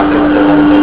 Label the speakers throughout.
Speaker 1: process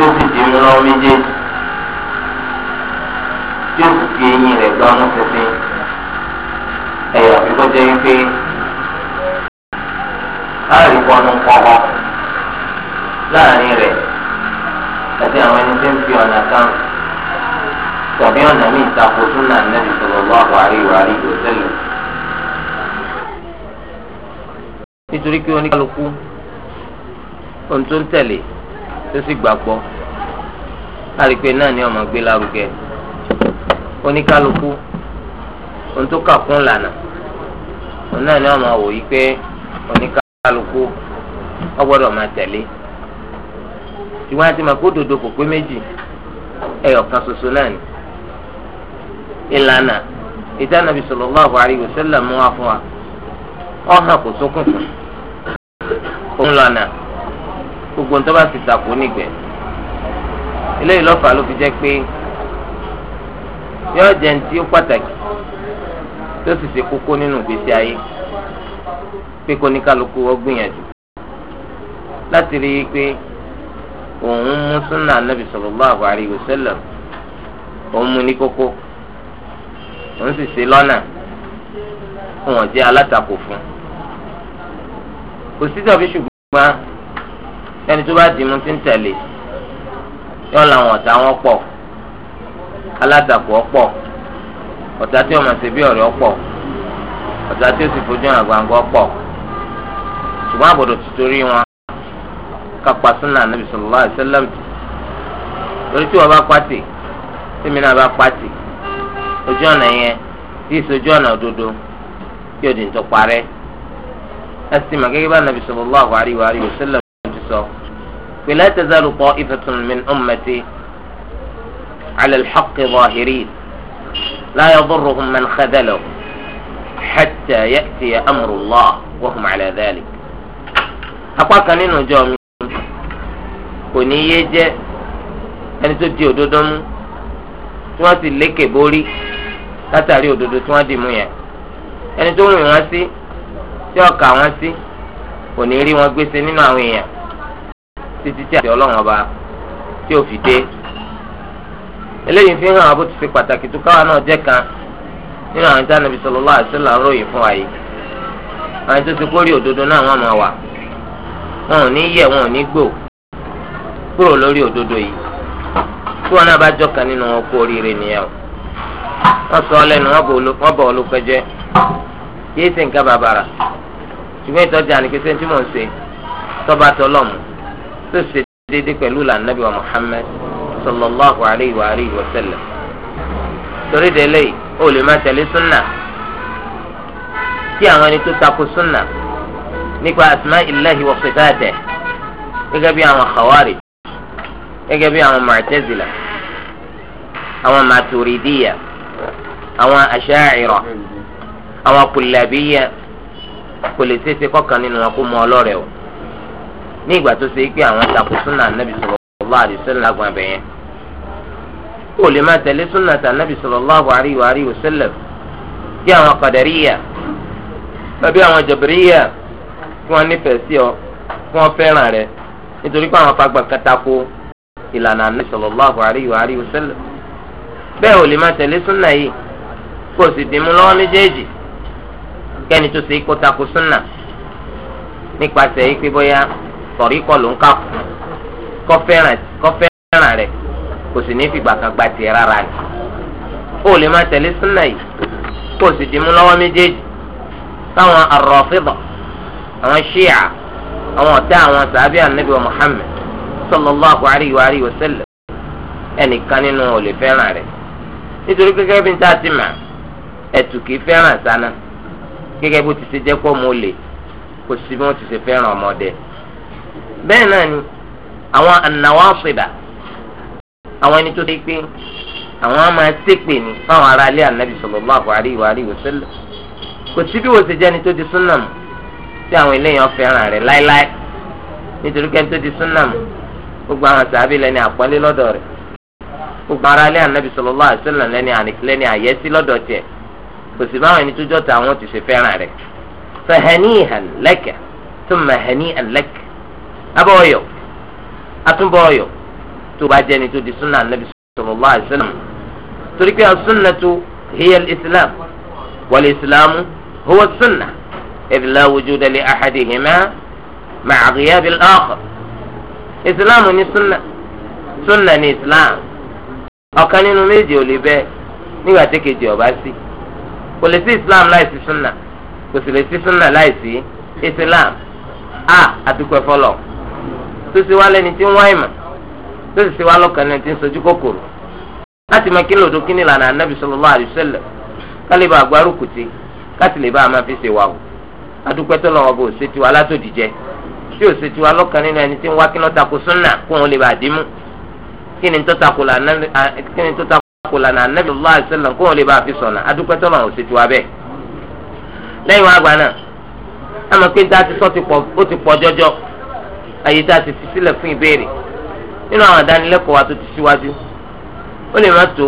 Speaker 2: tí ó sì di ńlọ méjèèjì tí sì fi eyín rẹ̀ ẹ̀yà jẹ́ láàrin rẹ̀ àti àwọn ẹni tí ń fi ọ̀nà kan tàbí ọ̀nà nítorí pé oníkálukú ohun tó ń tẹ̀lé tó sì gbàgbọ́ àrípé náà ni ọmọ gbé lárugẹ oníkálukú ohun tó kà kún lànà òun náà ni ọmọ wò yí pé oníkálukú ọ máa tẹ̀lé ṣùgbọ́n àti màkó dòdò kò pé méjì ẹyọ kan ṣoṣo náà ni ìlànà ìdánabi mú wa fún wa kò sókùnkùn òun gbogbo ń tọ́ba sì takò nígbẹ̀ eléyìí lọ́fà ló fi jẹ́ pé yóò jẹ́ ní tí ó pàtàkì tó sì ṣe kókó nínú ìgbésí ayé pé kó ní kálukú ó gbìyànjú láti rí i pé òun mú súnà anábì sallallahu alaihi wasallam òun mú ní kókó òun sì ṣe lọ́nà òun jẹ́ alátakò fún kò sí tàbí ṣùgbọ́n. ẹni tó bá dìímú ti ń tẹ̀lé yọ làwọn ọ̀tá wọn pọ̀ alátakò ọ̀pọ̀ ọ̀tá tí ọmọ ṣẹbi ọ̀rẹ́ ọ̀pọ̀ ọ̀tá tí ó sì fojú hàn gbangba ọ̀pọ̀ ṣùgbọ́n àbọ̀dọ̀ wọn kápá súnà nàbì sallallahu alaihi wasallam lórí tí wọ́n bá pàtì tèmi náà bá pàtì ojú ọ̀nà yẹn tí ọ̀nà òdodo kí òdì ń tọ́ parẹ́ ẹ sì gẹ́gẹ́ bá فلا تزال طائفة من أمتي على الحق ظاهرين لا يضرهم من خذلهم حتى يأتي أمر الله وهم على ذلك أقاك نينو جومي كوني يجي أن تدي أدودم تواتي لك بوري látàrí òdodo tí wọ́n dì mú yẹn ẹni tó rìn wọ́n sí tí ọkà títí tí ti ọlọ́run ọba tí o fi dé eléyìí fi hàn abó ti ṣe pàtàkì tó káwa náà jẹ́ kan nínú àwọn tí Ànábì sallallahu àti wasallam ròyìn fún wa yìí àwọn tó ti kórè òdodo náà wọ́n máa wà wọn ò ní wọn ò ní gbò kúrò lórí òdodo náà bá jọ kan nínú wọn o wọ́n sọ ọ lẹ́nu wọ́n bọ olùpẹjẹ yéé sì bàbàrà ṣùgbọ́n ìtọ́jà ni pé sẹ́ńtì ń tọ́ba tó ṣe déédéé pẹ̀lú ìlànà nàbí wa Muhammad sallallahu alayhi wa alayhi wa sallam torí délé o lè má tẹ̀lé súnà tí àwọn ẹni tó takò súnà nípa asma'illahi wa sifatihi gẹ́gẹ́ bí àwọn khawarij gẹ́gẹ́ bí àwọn mu'tazila àwọn maturidiya àwọn asha'ira àwọn kullabiya kò lè ṣeéṣe kọ́kan nínú wọn kó mọ ọlọ́rẹ̀ o ní ìgbà tó ṣe pé àwọn takò súnà anábì sallallahu alaihi wasallam lágùn abẹ yẹn kó lè máa tẹ̀lé súnà tà anábì sallallahu alaihi wasallam bí àwọn Qadariyya tàbí àwọn Jabriyya kí wọ́n nífẹ̀ẹ́ sí ọ kí wọ́n fẹ́ràn rẹ nítorí pé àwọn fagbà katako ìlànà anábì sallallahu alaihi wasallam bẹ́ẹ̀ ò lè máa tẹ̀lé súnà yìí kó sì dì mú lọ́wọ́ méjèèjì kẹ́ni tó ṣe kó takò súnà nípasẹ̀ yìí pé bóyá sọ̀rí kọ́ ló ń kà kù kọ́ fẹ́ràn rẹ̀ kò sì ní fìgbà kan gba tiẹ̀ rárá ni. ó lè máa tẹ̀lé súnà yìí kó sì dì mú lọ́wọ́ méjèèjì táwọn arọ̀fíbọ̀ àwọn ṣíà àwọn àwọn sàbí wa Muhammad sallallahu alayhi wa alayhi wa ẹnìkan nínú ò lè fẹ́ràn rẹ̀ nítorí gẹ́gẹ́ bí n ta ti mà ẹ̀tù fẹ́ràn sánà gẹ́gẹ́ bó bẹ́ẹ̀ náà ni àwọn an-nawasiba àwọn ẹni tó dé pé àwọn á máa ṣépè ní fáwọn ará ilé ànábì sallallahu alaihi wa alihi wasallam kò sí bí wò ṣe jẹ́ tó di súnà mu tí àwọn eléyàn fẹ́ràn rẹ̀ láéláé nítorí kẹ́ni tó di súnà mu gbogbo àwọn sàábì lẹ́ni àpọ́nlé lọ́dọ̀ rẹ̀ gbogbo ará ilé ànábì sallallahu alaihi wasallam lẹ́ni àyẹ́sí lọ́dọ̀ tiẹ̀ kò sí báwọn ẹni tó abọ́ ọ̀yọ̀ atúbọ̀ ọ̀yọ̀ tó bá jẹ́ni tó di súnà nàbì sallallahu alaihi wasallam torí pé asúnnàtu hiya islam wal islamu huwa súnà idh la wujuda li ahadihima ma'a ghiyabi al-akhar islam ni súnà súnà ni islam ọ̀kan nínú méjì ò lè bẹ́ẹ̀ nígbà tí kejì ọba sí kò lè sí islam láìsí súnà kò sì lè sí súnà láìsí islam a àdúpẹ́ fọlọ́ọ̀. tó sì wá lẹ́ni tí ń wá ìmọ̀ tó sì sì wá sojú kòkòrò láti mọ kí lòdò kí ni lànà anábì sallallahu alaihi wasallam kálíbà káti lè bá a máa fi ṣe wà o adúpẹ́ tó lọ́wọ́ bó ṣe tiwa látòdìjẹ́ tí ò ṣe lọ́kàn nínú ẹni tí ń wá kí tako kó wọn lè bá a dín mú kí ni tó tako lànà kó wọn lè bá a fi sọ̀nà ti sọ ti pọ̀ àyè tá a ti fi sílẹ̀ fún ìbéèrè nínú àwọn àdánilẹ́kọ̀ọ́ wa tó ti síwájú ó lè má tó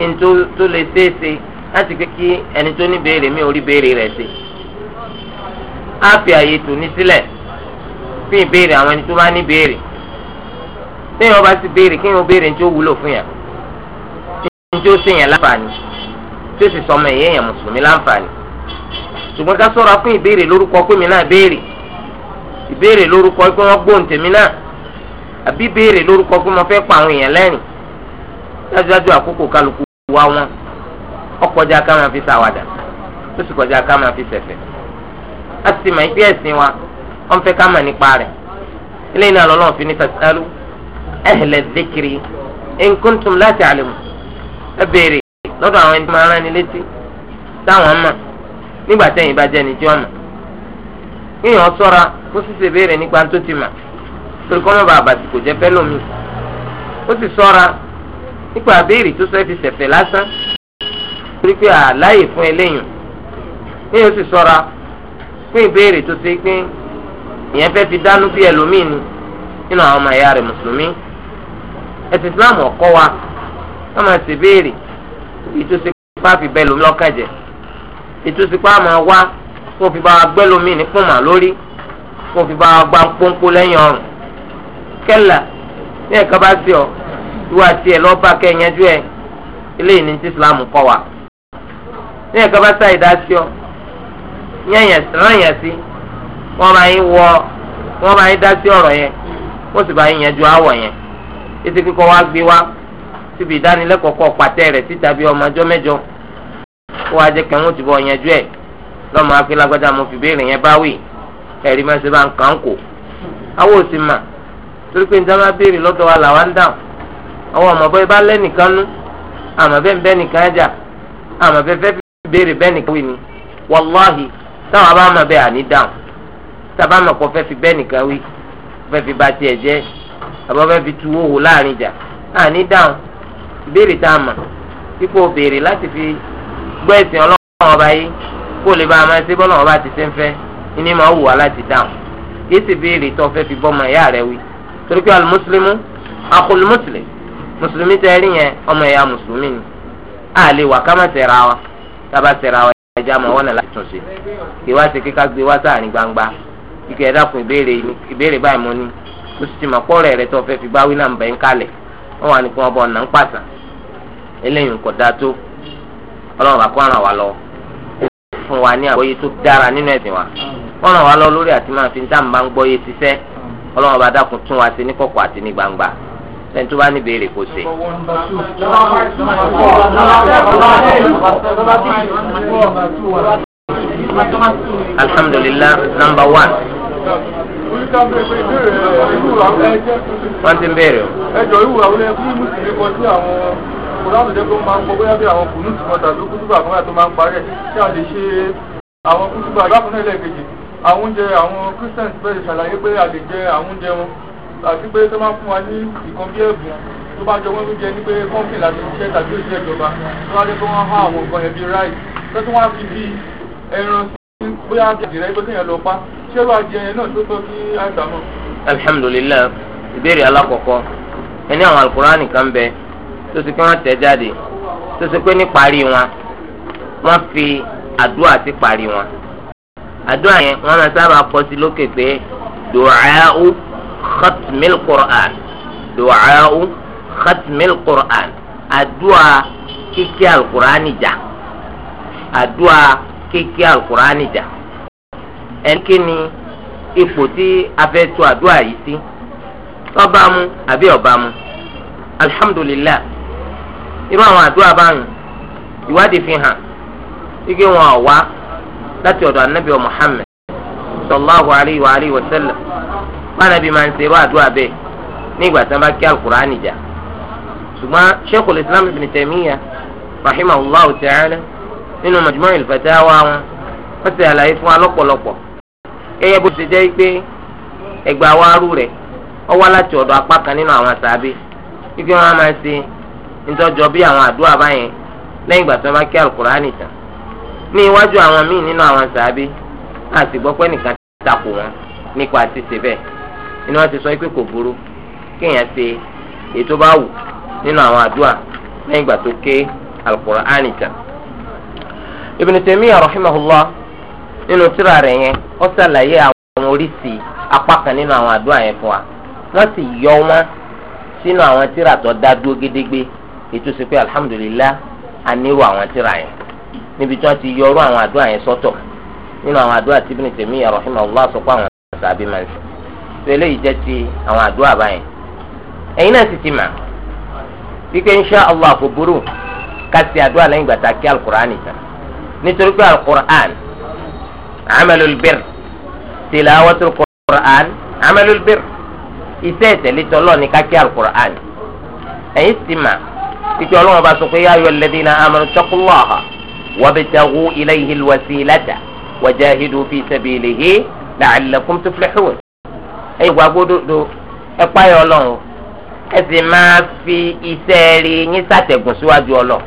Speaker 2: ní tó lè ṣeéṣe láti pé kí ẹni tó ní béèrè mi ò rí béèrè rẹ̀ á fi àyè tò ní sílẹ̀ fún ìbéèrè àwọn ẹni tó bá ní béèrè bá ti béèrè kéèyàn béèrè ní wúlò fún yàn ní ya ṣèyàn láǹfààní tí sì sọmọ èèyàn mùsùlùmí láǹfààní ṣùgbọ́n ká ìbéèrè lórúkọ pé wọ́n gbóhùn tèmi náà àbí ìbéèrè lórúkọ pé mo fẹ́ pa àwọn èèyàn lẹ́rìn dájúdájú àkókò kálukú wá wọn ọkọjá ká máa fi ṣàwàdà ó sì kọjá ká máa fi ṣẹ̀fẹ̀ a sì mọ ìpín ẹ̀sìn wa wọ́n fẹ́ ká mọ̀ nípa rẹ̀ eléyìí náà lọ́lọ́run fi ní tasalu ahla dhikri in kuntum la kéèyàn ṣọ́ra kó sì ṣe béèrè nípa tó ti mà torí kọ́ mọ́ bá àbàtì kò jẹ́ fẹ́ lómi ó sì ṣọ́ra nípa àbéèrè tó sọ ẹ́ fi ṣẹ̀fẹ̀ lásán torí pé àláyè fún ẹlẹ́yìn kéèyàn sì ṣọ́ra fún ìbéèrè tó ṣe pé ìyẹn fẹ́ fi dánú bí ẹlòmíì ni nínú àwọn ọmọ ẹ̀yà rẹ̀ mùsùlùmí ẹ̀sìn Islam ọ̀kọ́ wa wọ́n máa ṣèbéèrè ètò ìsìnkú àfi bẹ́ẹ̀ lómi lọ́kàjẹ́ ètò ìsìnkú àmọ́ wa kó fi bá wa gbẹ́lómi ní kùmà lórí kó fi bá wa gba pọ́npọ́ lẹ́yìn ọrùn kẹ́là ní ẹ̀ka bá sí ọ ìwà tiẹ̀ lọ́ọ́ bá kẹ́yẹ́jú ẹ̀ eléyìí ní ti Islam kọ́ wa ní ẹ̀ka bá sáyé dá sí ọ yẹ̀yẹ̀ ráyẹ̀ sí wọ́n máa ń wọ wọ́n máa ń dá sí ọ̀rọ̀ yẹn wọ́n sì bá ń yẹn ju àwọ̀ yẹn títí kíkọ́ wá gbé wá síbi ìdánilẹ́kọ̀ọ́ pàtẹ́ rẹ̀ síta bí ọmọ ọjọ́ mẹ́jọ kó wá jẹ́ kẹ́hún ti bọ̀ yẹn ju ẹ̀ lọ́mọ afilagbada mo fi béèrè yẹn báwì ẹ̀rí máa ṣe bá ń kàn kó àwọn òsì mà torí pé níta máa béèrè lọ́dọ̀ wa làwa ń dáhùn àwọn àmọ̀bọ́ ibà lẹ́nìkan nú àmọ̀ bẹ́ẹ̀ bẹ́ẹ̀ nìkan ẹ̀jà àmọ̀ bẹ́ẹ̀ fẹ́ béèrè bẹ́ẹ̀ nìkan wí ni wàláhì táwọn abá mọ̀ bẹ́ẹ̀ àní dáhùn tábà mọ̀ kọ́ fẹ́ fi bẹ́ẹ̀ nìkan wí fẹ́ fi ba tiẹ̀ jẹ́ àbọ̀ fẹ́ fi tu owó láàrin ìjà àní dáhùn ìbéèrè tá a mọ̀ kíkó béèrè láti fi gbọ́ ẹ̀sìn ọlọ́run ọba yìí kó lè bá a máa ṣe bọ́lá wọn bá ti ṣe ń fẹ́ ní máa wù wá láti dáhùn kìí sì béèrè tó fẹ́ fi bọ́mọ ìyá rẹ wí torí pé alimuslimu akul muslim mùsùlùmí tẹ ẹrí yẹn ọmọ ìyá mùsùlùmí ni a lè wà ká má tẹ̀ra wa ká bá tẹ̀ra wa ẹja mọ̀ wọ́n nà láti tún ṣe kí wá ṣe kíkà gbé wá sáàrin gbangba kíkẹ́ ẹ dákun ìbéèrè báyìí mo ní o sì ti mọ̀ pọ́ọ̀rẹ́ rẹ tó fẹ́ fi báwí náà bẹ̀ ń kalẹ̀ wọ́n wà ní kí wọ́n bọ̀ ọ̀nà ń pàṣà eléyìí kò dáa tó ọlọ́run bá kó lọ́wọ́ fún wa ní àgbọ́yé tó dára nínú ẹ̀sìn wa wọ́n ràn wá lọ lórí àti máa fi dá nbà ń gbọ́yé ṣiṣẹ́ ọlọ́run bá dákun tún wa sí ní kọ̀kọ̀ àti ní gbangba ẹni tó bá ní béèrè kò ṣe.
Speaker 1: alhamdulillah
Speaker 2: number one wọ́n ti ń béèrè
Speaker 1: o. ẹ jọ ìwúra wọlé fún mùsùlùmí kan sí àwọn kùránù jẹ́ pé ó máa ń gbọ́ bóyá bí àwọn kùnú tìmọ̀ tàbí kútùbà fúnra tó máa ń parẹ́ kí a lè ṣe àwọn kútùbà bákan náà lẹ́ẹ̀kejì àwọn oúnjẹ àwọn christians bẹ̀rẹ̀ ṣàlàyé pé a lè jẹ àwọn oúnjẹ wọn àti pé tó máa fún wa ní ìkan bí ẹ̀bùn tó bá jọ wọ́n ń jẹ ní pé kọ́ńpì láti ṣiṣẹ́ tàbí òṣìṣẹ́ ìjọba tó wá jẹ́ pé wọ́n há àwọn nǹkan ẹ̀bí ráì tó tún wá fi bí ẹran sí bóyá gẹ̀gẹ̀rẹ́ pé kéèyàn lọ pa ṣé wàá jẹ ẹyẹ náà tó tọ́ kí àgbà mọ̀.
Speaker 2: alhamdulilayi ìbéèrè alákọ̀ọ́kọ́ ẹni àwọn alukurani kan bẹ́ẹ̀ tó sì pé wọ́n tẹ̀ jáde tó sì pé ní parí wọn wọ́n fi àdúrà sí parí wọn àdúrà yẹn wọ́n máa sábà kọ sí lókè pé du'a'u khatmil qur'an du'a'u khatmil qur'an àdúrà kíkí alukur'ani jà àdúrà kíkí alukur'ani jà ẹnikẹ́ni ipò tí a fẹ́ tó àdúrà yìí sí ọba mu àbí ọba mu alhamdulilayi. irú àwọn àdúrà báyìí ìwádìí fi hàn igi wọn wá láti ọ̀dọ̀ anabi wa Muhammad sallallahu alayhi wa alayhi wa sallam bánabi máa ń ṣe irú àdúrà bẹ́ẹ̀ ní ìgbà tí wọ́n bá kí alukur'ani jà ṣùgbọ́n sheikhul islam ibn taymiya rahimahullahu ta'ala nínú majmu'il fatawa wọn wọ́n ti àlàyé fún wa lọ́pọ̀lọpọ̀ bó ti jẹ́ pé ẹgbàá wa rú rẹ̀ ọ wá láti ọ̀dọ̀ apá kan igi wọn máa ń nítọ́jọ́ bí àwọn àdúrà báyẹn lẹ́yìn ìgbà tí wọ́n bá kí alukur'ani tán ní iwájú àwọn míì nínú àwọn sàábí àti gbọ́ pé nìkan takò wọn nípa àtìsè bẹ́ẹ̀ inú wọn ti sọ pé kò burú kéèyàn ṣe ètò bá wù nínú àwọn àdúrà lẹ́yìn ìgbà tó ké alukur'ani tán. Ibn Taymiyyah rahimahullah nínú tírà rẹ̀ yẹn ó ṣàlàyé àwọn oríṣi apá kan nínú àwọn àdúrà yẹn fún wa wọ́n sì yọ wọn sínú àwọn tírà tó dá dúró gédégbé ètò sí pé alhamdulillah a nírú àwọn tíra yẹn níbi tí wọ́n ti yọrú àwọn àdúrà yẹn sọ́tọ̀ nínú àwọn àdúrà tí Ibn Taymiyyah rahimahullah sọ pé àwọn sàbí máa ń sè tó eléyìí jẹ́ ti àwọn àdúrà báyẹn ẹ̀yin náà sì ti mà wípé insha allah kò burú ká ti àdúrà lẹ́yìn kí alukur'an nìkan nítorí pé alukur'an amalul bir tilawatul kur'an amalul iṣẹ́ ìtẹ̀lé tọ́lọ́ ní ká kí alukur'an ẹ̀yin sì ti mà ìpè ọlọ́wọ́n bá sọ pé yá ayọ̀ alladhina amanu taqullaha wabtaghu ilayhi alwasilata wajahidu fi sabilihi la'allakum tuflihun. ẹ ìwà gbódòdó ẹ páyọ Ọlọ́run ẹ sì máa fi iṣẹ́ rí yín sàtẹ̀gùn síwájú Ọlọ́run.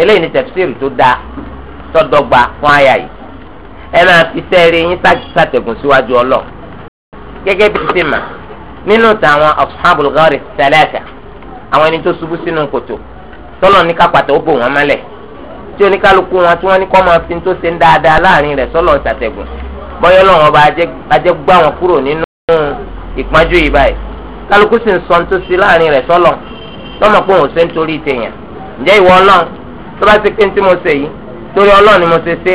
Speaker 2: eléyìí ni tafsir tó dáa tọ́dọ́gba fún àyà yìí ẹ máa fi iṣẹ́ rí yín sàtẹ̀gùn síwájú Ọlọ́run. gẹ́gẹ́ bí ti mà nínú tàwọn ashabul ghar thalatha àwọn ẹni tó ṣubú sínú kòtò tọ́lọ̀ ní kápátá ó bò wọ́n mọ́lẹ̀ tí oníkálukú wọn tí wọ́n ní kọ́ máa fi tó ṣe ń dáadáa láàrin rẹ̀ sọ́lọ̀ ṣàtẹ̀gùn bọ́yọ́ lọ́wọ́n bá ajẹ́ gbá wọn kúrò nínú ìpọ́njú yìí báyìí kálukú sì ń sọ tó ṣe láàrin rẹ̀ sọ́lọ̀ lọ́mọ pé òun ṣe ń torí tèèyàn ǹjẹ́ ìwọ ọlọ́run tó bá ṣe pé tí mo ṣe yìí torí ọlọ́run ni mo ṣe ṣe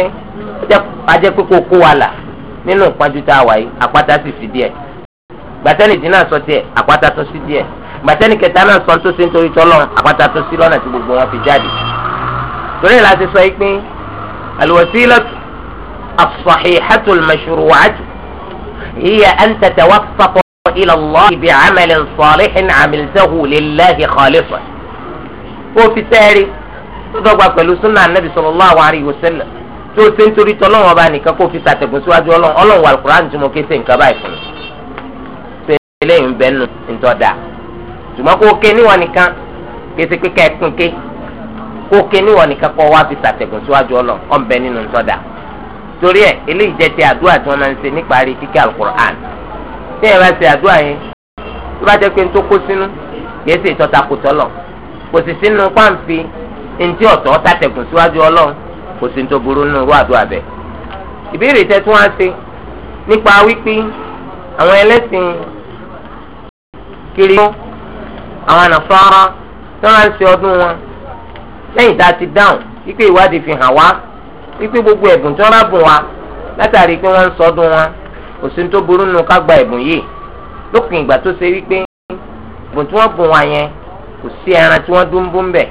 Speaker 2: ajẹ́ pé kó kó wa là nínú ìpọ́njú tá a wà yìí àpáta sì fi díẹ̀ gbàtẹ́nìdínà sọ tiẹ̀ àpáta tó sí díẹ̀ gbàtẹ́ni kẹta náà sọ tó ṣe nítorí tọ́lọ́ àpáta tó sí lọ́nà tí gbogbo wọn fi jáde torí láti sọ yìí pé alwasilatu as-sahihatu al-mashru'atu hiya an tatawassata ila Allah bi'amalin salihin 'amiltahu lillahi khalisan ó fi sẹ́ẹ̀rí tó dọ́gba pẹ̀lú sunnah anabi sallallahu alayhi wa sallam tó ṣe nítorí tọ́lọ́run ṣùgbọ́n kó ké níwọ̀n nìkan kété pé ká ẹ pín ké kó ké níwọ̀n nìkan kọ́ wá fi sàtẹ̀gùn síwájú ọlọ ọ̀nbẹ nínú ntọ́dà torí ẹ eléyìí jẹ́ ti àdúrà tí wọ́n máa ń ṣe níparí kíkẹ́ alukur'an tí ẹ bá ṣe àdúrà yẹn tó bá jẹ́ pé tó kó sínú kìí ṣe ìtọ́ta kò tọ́lọ̀ kò sì sínú pàǹfì ntí ọ̀tọ̀ sàtẹ̀gùn síwájú ọlọ kò àwọn Nasara tí wọ́n máa ń ṣe ọdún wọn lẹ́yìn tá a ti dáhùn wípé ìwádìí fi hàn wá wípé gbogbo ẹ̀bùn tí wọ́n bá bùn wá látàrí pé wọ́n ń sọdún wọn kò sí tó burú nù ká gba ẹ̀bùn yìí lópin ìgbà tó ṣe wípé ẹ̀bùn tí wọ́n bùn wá yẹn kò sí ẹran tí wọ́n dúnbú ń bẹ̀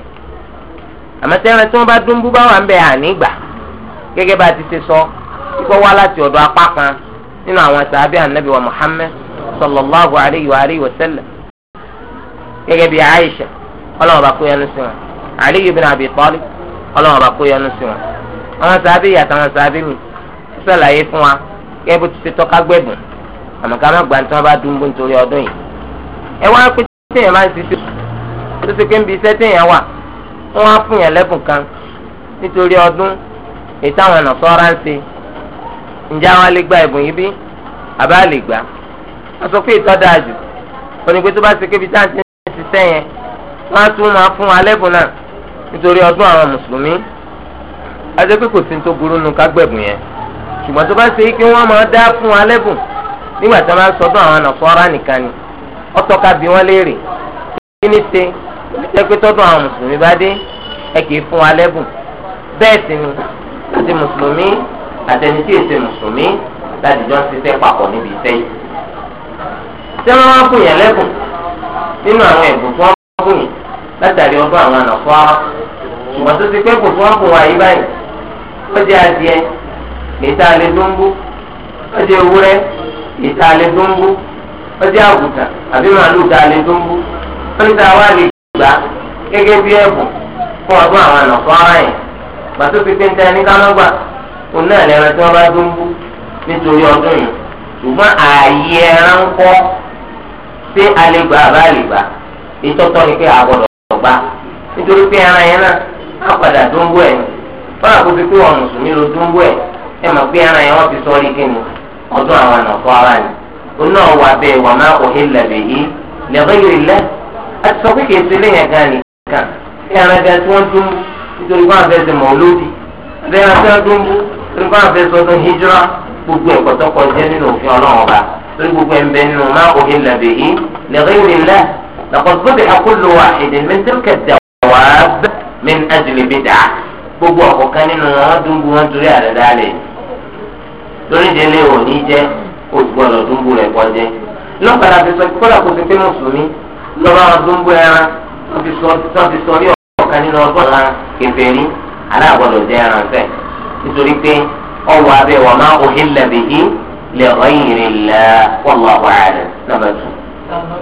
Speaker 2: àmọ́ tí ẹran tí wọ́n bá dúnbú bá wà ń bẹ̀ gẹ́gẹ́ bá a ti ṣe sọ wá láti ọ̀dọ̀ apá kan nínú àwọn gẹgẹ bi Aisha ọlọ́wọ́n kó yẹnu sí wọn na Abi kó yẹnu sí wọn àwọn yàtọ̀ àwọn mi sọ̀làyé fún wa gẹ́gẹ́ bó ti ṣe tọ́ka má gbà tí wọ́n bá dùn bó ọdún yìí. ẹ wá pé téèyàn máa ń ṣiṣẹ́ tó ṣe pé ń bi iṣẹ́ téèyàn wà wọ́n á fún yàn lẹ́bùn kan nítorí ọdún èyí táwọn ọ̀nà sọ́ra ń ṣe ǹjẹ́ àwọn lè gba ẹ̀bùn yìí bí àbá lè gbà iṣẹ́ yẹn wọ́n á tún máa fún wa lẹ́bùn náà nítorí ọdún àwọn mùsùlùmí ajẹ́ pé kò sí tó burú nu kágbẹ̀bùn yẹn ṣùgbọ́n tó bá ṣe pé wọ́n máa dá fún wa lẹ́bùn nígbà tí wọ́n kí ni ṣe pé tọ́dún àwọn mùsùlùmí bá dé ẹ kì í fún wa àti mùsùlùmí àtẹni tí èsè mùsùlùmí láti jọ ń ṣiṣẹ́ papọ̀ nínú àwọn ẹ̀bùn tí wọ́n bùn yìí látàrí ọdún àwọn ànàfọ́ ara ṣùgbọ́n tó ti pé kò tí wọ́n bùn wá yí báyìí ó jẹ́ adìẹ ìta lè dúnbú ó jẹ́ ewúrẹ́ ìta lè dúnbú ó jẹ́ àgùntàn àbí màálù ta lè dúnbú ó ní ta wá lè gbà gẹ́gẹ́ bí ẹ̀bùn fún ọdún àwọn ànàfọ́ ara yẹn gbàtó fi pé ń tẹ́ ẹni kánọ́gbà òun náà lẹ́ran tí wọ́n bá dúnbú nítorí ọdún yìí ṣùgbọ́n ààyè ẹran ṣé àlegbà àbá àlegbà ìtọ́tọ́ ni pé àgbọ̀dọ̀ ọ̀gbà nítorí pé ara yẹn náà á padà dúnbú ẹ̀ fọlá kó pé wọn mùsùlùmí ló dúnbú ẹ̀ ẹ mọ̀ pé ara yẹn wọ́n fi sọ́ọ́rí kí ni ọdún àwọn ànàfọ́ ara ni ó náà wà bẹ́ẹ̀ wà má lẹ̀bẹ̀ yìí lẹ́gbẹ́ yìí lẹ́ a ti sọ pé kì í ṣe léyìn ẹ̀ka nìkan kí ara ga tí torí gbogbo ẹ̀ ń bẹ nínú máa òhìn làbẹ̀ yìí lẹ́gbẹ́ ìrìnlẹ̀ laqad dhubiha kullu wahidin min tilka ad-dawab min ajli bid'ah gbogbo ọ̀kọ̀ọ̀kan nínú wọn dúnbù wọn torí àdáda rẹ̀ torí délé òní jẹ́ ògbọ́dọ̀ dúnbù rẹ̀ kọjẹ́ lọ́kàdà ti sọ kódà kó ti pé mùsùlùmí lọ́ba wọn dúnbù ẹran wọ́n ti sọ ní ọ̀kan lè ọ̀yìnrì lẹ́ wọ́n wà wàhálà nàbà tù.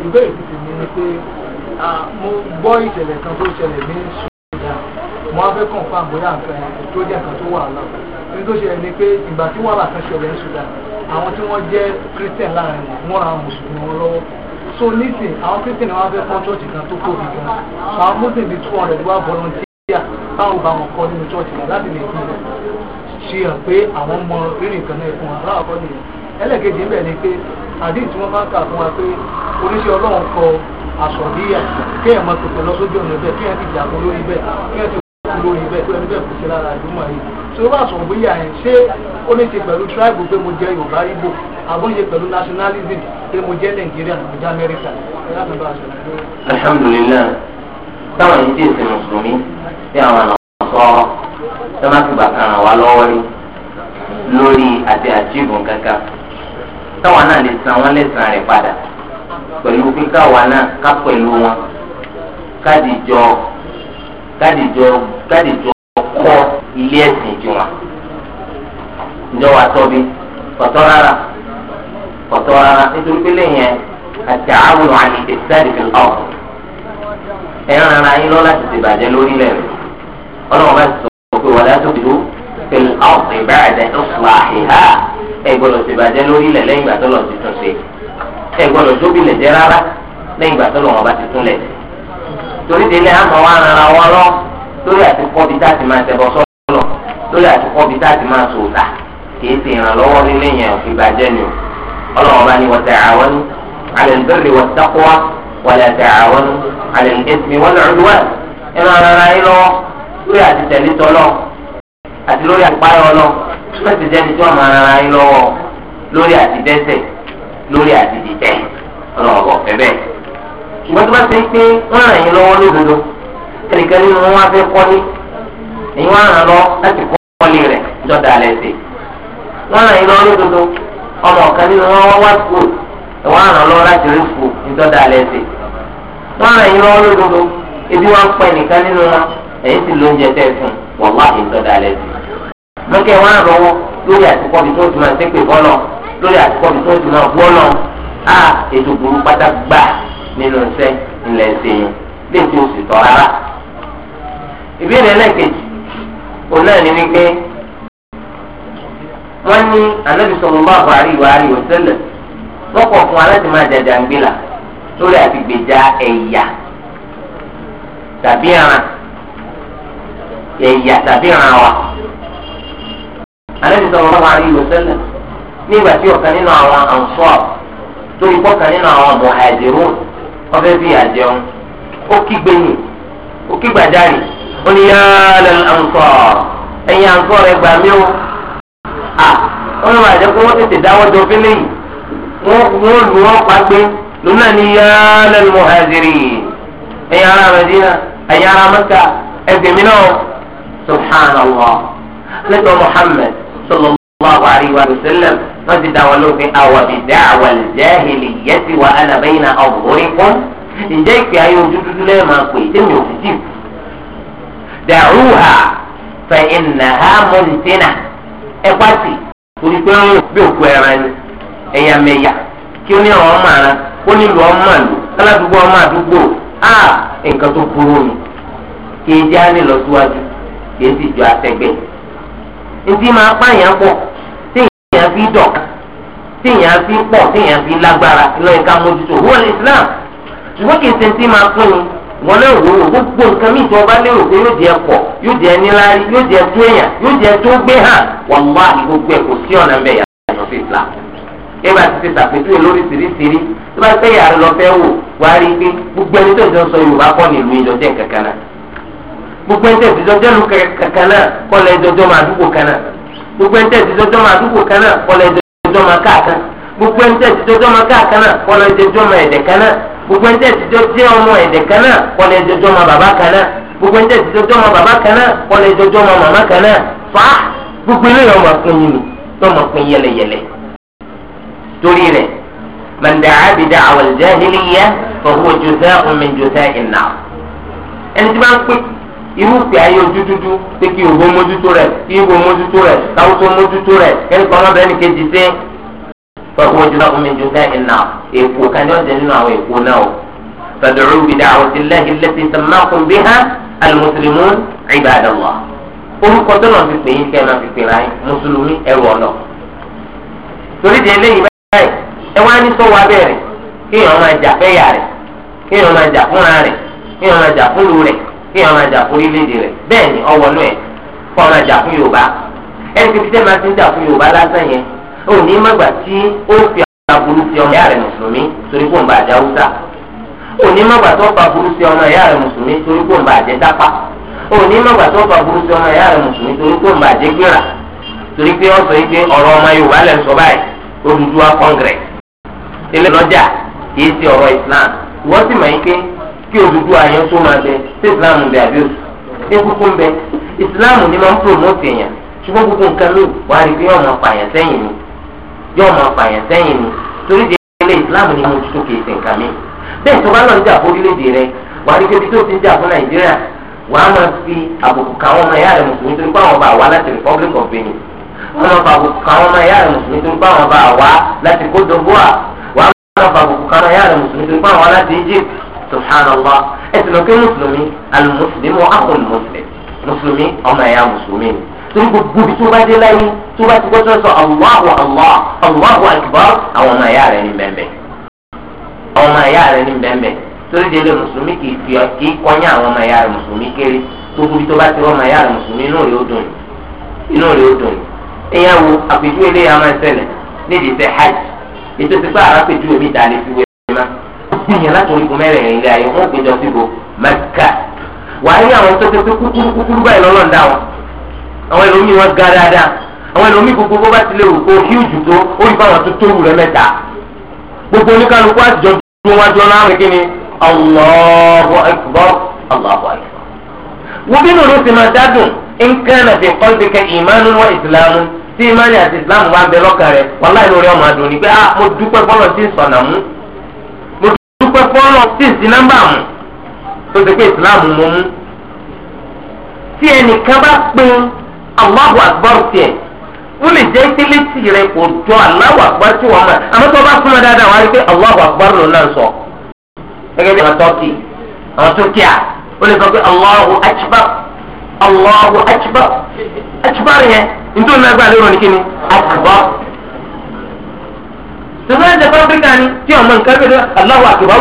Speaker 1: ìbéèrè tuntun mi ni pé mo gbọ́ ìṣẹ̀lẹ̀ kan tó ṣẹlẹ̀ ní ṣùgbọ́n mo á fẹ́ kàn fún àgbóyà nǹkan tó jẹ́ nǹkan tó wà lọ ní tó ṣẹlẹ̀ ni pé ìgbà tí wàhálà kan ṣẹlẹ̀ ní ṣùgbọ́n àwọn tí wọ́n jẹ́ christian láàrin wọn ra mùsùlùmí wọn lọ́wọ́ so nísìn àwọn christian wọn fẹ́ kọ́ church kan tó tóbi gan àwọn muslim bíi two hundred wá volunteer báwo bá wọn kọ́ nínú church kan láti lè fi hàn pé àwọn mọ rírì nǹkan náà fún ẹlẹ́ẹ̀kejì ńbẹ̀ ni pé àdéhùn tí wọ́n máa ń kà fún wa pé oníṣẹ́ ọlọ́run kọ àsọ̀díyà kéèyàn máa tòkè lọ sójú ọ̀nà bẹ́ẹ̀ kéèyàn ti jàgbọ́ lórí bẹ́ẹ̀ kéèyàn ti kú lórí bẹ́ẹ̀ tó ẹni bẹ́ẹ̀ kò sí lára ìlúmọ̀ yìí tó bá àsọ̀díyà yẹn ṣé ó ní ṣe pẹ̀lú tribe pé mo jẹ́ Yorùbá Ìgbò àbóyè pẹ̀lú nationalism pé mo jẹ́ Nàìjíríà mo jẹ́ Amẹ́ríkà
Speaker 2: alhamdulilayi
Speaker 1: táwọn yìí ti ṣe
Speaker 2: mùsùlùmí bí àwọn àna sọ tọ́mátì lórí àti àjíìbù kankan. táwọn náà lè san wọn lè san rẹ̀ padà pẹ̀lú kíkà wa náà ká pẹ̀lú wọn kádìjọ kádìjọ kádìjọ ilé wọn. ǹjọ́ wa tọ́ kọ̀tọ́ rárá kọ̀tọ́ rárá nítorí pé lẹ́yìn ẹ̀ àti àwọn àlè ìsẹ́ẹ̀dì fi ọ̀ ẹ̀ ń rara yín lọ́la ti ṣèbàjẹ́ lórílẹ̀ rẹ̀ ọlọ́run bá ti sọ pé wàlá tó dúró ẹ gbọ́dọ̀ ṣèbàjẹ́ lórí ilẹ̀ lẹ́yìn ìgbà tọ́lọ̀ ti tún ṣe ẹ gbọ́dọ̀ tóbi lẹ̀ jẹ́ rárá lẹ́yìn ìgbà tọ́lọ̀ wọn bá ti tún lẹ̀ torí délé àmọ́ wa rara wọn lọ lórí àti kọ́ bí táàtì máa tẹ̀ bọ́ sọ́lọ̀ lórí àti kọ́ bí táàtì máa sòdà kìí ṣe ìrànlọ́wọ́ nílé yẹn òfin bàjẹ́ ni ọlọ́wọ́ bá ní wọ́n tẹ̀ àwọn ní alẹ́ ń bẹ̀rẹ̀ wọ́n tẹ́kọ́ wa wọ́n tẹ̀ àwọn ní alẹ́ ń ẹ̀sìn wọ́n lọ́ọ́ wá ẹ̀rọ ara yín lọ́wọ́ lórí àti tẹ̀lé tọ́lọ́ àti lórí àpáyọ̀ lọ́wọ́ wọ́n ti jẹ́ni tí wọ́n máa rara yín lọ́wọ́ lórí àtidẹ́sẹ̀ lórí àtidìjẹ́ ọ̀nà fẹ́bẹ́. ṣùgbọ́n tí wọ́n ti pé wọ́n ràn yín lọ́wọ́ lódodo ẹnìkan nínú wọn wá fẹ́ kọ́lé èyí wọ́n ràn lọ láti kọ́lé rẹ̀ lọ́dà lẹ́sẹ̀. wọ́n ràn yín lọ́wọ́ lódodo ọmọ wá skul fu lọ́dà lẹ́sẹ̀. wọ́n ràn yín lọ́wọ́ ebi lókè wọn àrọwọ lórí àtikọ bí tó dùn àti pé bọlọ lórí àtikọ bí tó dùn àbú ọlọ a ètò burú pátá gbà nínú iṣẹ ilẹ̀ ṣe yẹn lè tí o sì tọ́ rárá. ìbéèrè ẹlẹ́kejì òun náà ní wípé wọ́n ní anábì sọ̀rọ̀ bá àbọ̀ àríwá àríwá sẹ́lẹ̀ wọ́n kọ̀ fún aláti máa jàjà ń gbéra lórí àti ẹ̀yà tàbí ẹ̀ràn ẹ̀yà tàbí ẹ̀ràn wa anabi sallallahu alaihi wasallam nígbà tí ọ̀kan nínú àwọn ansar torí kọ̀kan nínú àwọn muhajirun ọbẹ bíi àjẹun ó kígbe ní ó kígbàjarì ó ní yálẹ ansar ẹ̀yin ansar rẹ gbà mí o à wọn lọ àjẹ pé wọn tètè dáwọ́ jọ fẹlẹ yìí wọn lù wọn pàgbé lónà ní yálẹ muhajirin ẹ̀yin ará Madina ẹ̀yin ará Mẹ́kà ẹgbẹmí subhanallah lẹtọ Muhammad sallallahu alaihi wa sallam wọ́n ti dá wọn lófin àwọn ìdá àwọn jahiliyyati wa ana bayna adhurikum ǹjẹ́ ìpè ayé ojú dúdú lẹ́yìn máa pè é mi ò fi jì da'uha fa innaha muntina ẹ pàtì torí pé ń bí òkú ẹran ni ẹ̀yà mẹ́yà kí ó ní ọ̀rọ̀ ọmọ ara ó nílò ọmọ àlò aládùúgbò ọmọ àdúgbò á nǹkan tó burú ni kì í já ní kì í sì jọ àtẹgbẹ́ ebi máa pààyàn pọ̀ tí èèyàn fi dọ̀ka tí èèyàn fi pọ̀ tí èèyàn fi lágbára lọ́yìn ká mójútó owó ní Islam ṣùgbọ́n kì í ṣe tí máa pín ni wọn náà wò ó gbogbo nǹkan mìíràn tí wọn bá lérò pé yóò jẹ pọ̀ yóò jẹ níláárí yóò jẹ tó èèyàn yóò jẹ tó gbé hàn wọn wá gbogbo ẹ̀ kò sí ọ̀nà mẹ́yà lọ sí Islam eba ti e ti sàpèjúwe lórí tìrìtìrì tó bá fẹ́ yàrá lọ fẹ́ wò wá rí i pé gbogbo ẹni tó ń jọ sọ Yorùbá kọ́ nílùú ìjọ jẹ́ kankan náà gbogbo ẹni tẹ̀sí jọjọ́ lu kankan náà kọ́lẹ̀ jọjọ́ máa dúgbò kan náà gbogbo ẹni tẹ̀sí jọjọ́ máa dúgbò kan náà kọ́lẹ̀ jọjọ́ máa káàkan gbogbo ẹni tẹ̀sí jọjọ́ máa káàkan náà kọ́lẹ̀ jọjọ́ máa ẹ̀dẹ̀ kan náà gbogbo ẹni tẹ̀sí jọjọ́ ọmọ ẹ̀dẹ̀ kan náà kọ́lẹ̀ jọjọ́ máa bàbá kan náà gbogbo ẹni tẹ̀sí jọjọ́ máa bàbá kan náà kọ́lẹ̀ jọjọ́ máa màmá kan náà fa gbogbo eléyìí ọmọ pin yìí ni lọmọ pin yẹlẹyẹlẹ torí rẹ̀ man da'a bi da'wa al-jahiliyya fa huwa ẹni tí wọn pín irú ti ayé ojú pé kí ògbó mójútó rẹ̀ kí ìwò mójútó rẹ̀ káwùsọ mójútó rẹ̀ kẹ́nìkan kejì sí. fún mi ju èkó nínú àwọn èkó náà o. fàdúró bìdá àwọn ti lẹ́yìn lẹ́sìn sàmákùn bí hàn orúkọ tó náà fi pè yín kẹ́ẹ̀ náà fi pè mùsùlùmí ẹrù ọ̀nà. torí di eléyìí báyìí ẹ kí àwọn àjà fún orílẹ̀-èdè rẹ̀ bẹ́ẹ̀ ni ọwọ́ náà ẹ̀ kọ́ àwọn àjà fún Yorùbá ẹni tí tẹ́ máa ti ń jà fún Yorùbá lásán yẹn ó ní mọ̀gbà tí ó fi aburú sí ọmọ ìyá rẹ̀ mùsùlùmí torí kó ń ní fa aburú ọmọ rẹ̀ mùsùlùmí torí ń dápà ní fa aburú ọmọ rẹ̀ mùsùlùmí kí òdúdú àyàn tó máa bẹ sí islam bẹ àbí òsì ní kúkú ń bẹ islam ni máa ń promote èèyàn ṣùgbọ́n gbogbo nǹkan mi wà á rí pé yóò máa pààyàn sẹ́yìn ni yóò máa pààyàn sẹ́yìn ni torí di ilé islam ni mo tún kì í ṣe nǹkan mi bẹ́ẹ̀ tó bá lọ ń jà fórílẹ̀-èdè rẹ wà á rí pé bí tó ti ń jà fún nàìjíríà wà á máa fi àbùkù káwọn ọmọ ẹ̀yà rẹ mùsùlùmí torí pé àwọn bá wá láti republic of benin wọ́n máa fa àbùkù káwọn ọmọ ẹ̀yà rẹ mùsùlùmí torí pé àwọn bá wà láti subhana allah ẹsìn lọ pé mùsùlùmí alùmùsùlùmí wọn àkùn mùsùlùmí mùsùlùmí ọmọ ẹ̀yà mùsùlùmí torí gbogbo ibi tí wọ́n bá dé láyé tí wọ́n bá ti gbọ́ tó sọ allahu allah allahu akbar àwọn ọmọ ẹ̀yà rẹ̀ ní bẹ́ẹ̀ ọmọ ẹ̀yà rẹ̀ ní bẹ́ẹ̀ torí délé mùsùlùmí ti rọ́ ọmọ ẹ̀yà rẹ̀ mùsùlùmí gbìyàn láti orígun mẹ́rẹ̀ẹ̀rin ilé ayé wọ́n gbẹjọ síbo mẹ́kà wà á ní àwọn tó tẹ́tẹ́ kúkúrú kúkúrú báyìí lọ́lọ́ dá wọn àwọn ẹlòmíì wọn ga dáadáa àwọn ẹlòmíì gbogbo bó bá ti lè ju to híùjù tó ó yí fáwọn tó tóru rẹ mẹ́ta gbogbo ni Allahu akbar ti wa ìsìlámù tí ìmánú àti ìsìlámù bá dúpẹ́ fọ́lọ́ tí ì sí nọ́mbà mu tó ṣe pé ìsìláàmù mọ̀ mú. tí ẹnìkan bá pe Allahu Akbar tiẹ̀ ó lè jẹ́ kílẹ̀tì rẹ̀ kò jọ Allahu Akbar tí wọ́n mọ̀ àmọ́ tó bá súnmọ́ dáadáa wọ́n á rí pé Allahu Akbar ló náà sọ. gẹ́gẹ́ bí àwọn tọ́kì àwọn tókì à ó lè sọ pé Allahu Akbar Allahu Akbar Akbar yẹn tọ́lá ẹ̀jẹ̀ fábíríkà ni tí ọmọ nǹkan bẹ̀rẹ̀ Allahu akbar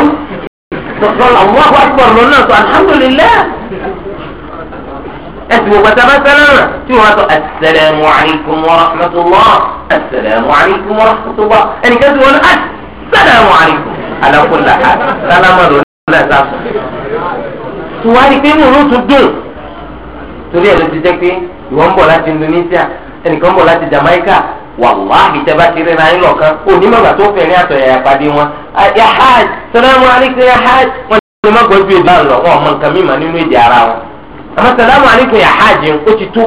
Speaker 2: Allahu akbar lọ́nà tó alhamdulillah ẹ̀sìn gbogbo ẹ̀sẹ̀ bá sẹ́lẹ̀ rẹ̀ tí wọ́n sọ assalamu alaykum wa rahmatullah assalamu alaykum wa rahmatullah ẹnìkan eh, tí wọ́n ní assalamu alaykum ala kulli hal sálámà lórí ọ̀lẹ́sà
Speaker 1: tuwari pé mò
Speaker 2: wàláhì tẹ́ bá ti rí náà ńlọ kan òní mọ̀gbà tó fẹ̀rí ya àpàdé wọn. ya hajj salamu alaykum ya hajj wọn ti mọ̀ gbọ́dọ̀ èdè àlọ́ wọn ọmọ nǹkan mímọ̀ nínú ara wọn. àmọ́ salamu alaykum ya hajj ó ti tó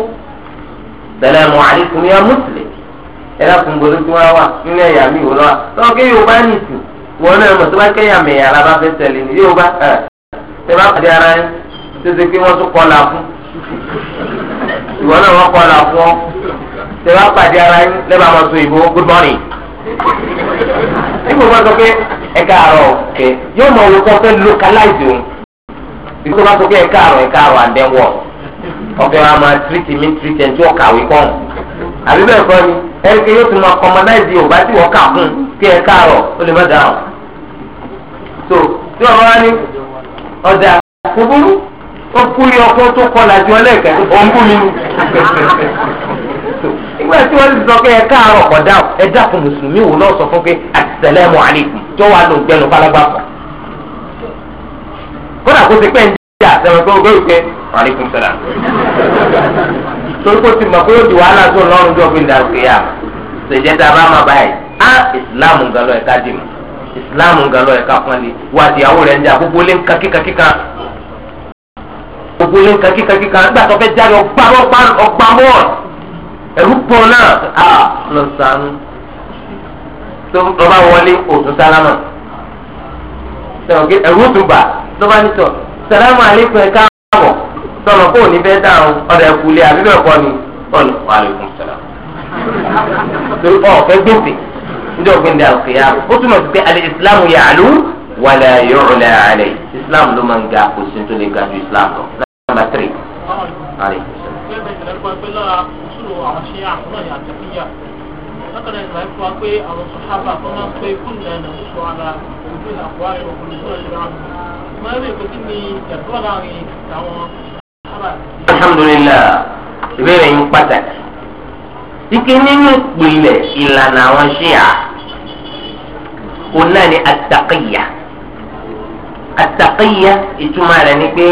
Speaker 2: salamu alaykum ya muslim ẹ lákùn gbòòrò tí wọ́n wà nínú ẹ̀yà mi wò lọ́wọ́ lọ́wọ́ yorùbá ní ìsìn wọn náà mọ̀ tó bá kẹ́yà bá fẹ́ ní yorùbá ara tẹ̀wá pàdé ara yín lẹ́bàá máa sọ ìbò good morning. nígbà wọn sọ pé ẹ káàárọ̀ ọ̀kẹ́ yóò mọ owó kan fẹ́ localize òun. ìgbà wọn sọ pé ẹ káàárọ̀ ẹ káàárọ̀ and then what? ọ̀fẹ́ wa máa treat mi treat ẹ̀ tí wọ́n kàwé kàn. àbí bẹ́ẹ̀ kọ́ ni ẹ̀ríkẹ́ yóò tún máa commonize yorùbá tí wọ́n kà fún kí ẹ káàárọ̀ ó lè má dáhùn. so tí wọn wá ní ọjà kúkúrú ó kú yọ ọkọ tó kọ nígbà tí wọ́n ti sọ pé ẹ káàárọ̀ kọ̀dá ẹ dákun mùsùlùmí wò lọ́ọ́ sọ fún pé assalamu alaikum tó wàá lò gbẹnu kan. kódà kó ti pẹ́ ń àtẹ̀wé pé ìpè torí kó ti mọ̀ pé ó di wàhálà tó lọ́rùn yà ṣèjẹ́ tá a bá máa á lọ ẹ̀ka dìmọ̀ lọ wà gbogbo ka kíkakíka ẹ̀rú pọ̀ náà a lọ sànú lọ́ba wọlé òtún sálámà ẹ̀rú tún bà lọ́ba nítọ̀ sálámà àlékún ẹ̀ káàbọ̀ sọ̀rọ̀ kó o ní bẹ́ẹ̀ dáhùn ọ̀dà ẹ̀kú lé àbí bẹ́ẹ̀ kọ́ ni ọ̀nà àlékún sọ̀rọ̀ torí ọ̀fẹ́ gbèsè ndé ọ̀gbìn dà òkè yá ó túmọ̀ sí pé alẹ́ ìsìlámù yà á wàlẹ̀ yọ̀rọ̀ lẹ́ àlẹ́ ìsìlámù ló máa ń ga kò sí nítorí ga ju ìsìlámù lọ
Speaker 1: pé lára òṣùlù àwọn ṣe àkúnà yà àtẹ̀kíyà lọ́kàn náà ìgbàlẹ́ fún wa pé àwọn sọ̀hábà tó máa ń pé kúnlẹ̀ ẹ̀ náà oṣù ara ojú ìlàkùn ààrẹ ọkùnrin tó lè ra mọ́ ẹ̀rí ìpè kí ni ẹ̀kọ́ láàrin
Speaker 2: àwọn ìbéèrè yín pàtàkì ike nínú ìpìlẹ̀ ìlànà àwọn ṣíà òun náà ni àtàkìyà àtàkìyà ìtumọ̀ rẹ̀ ni pé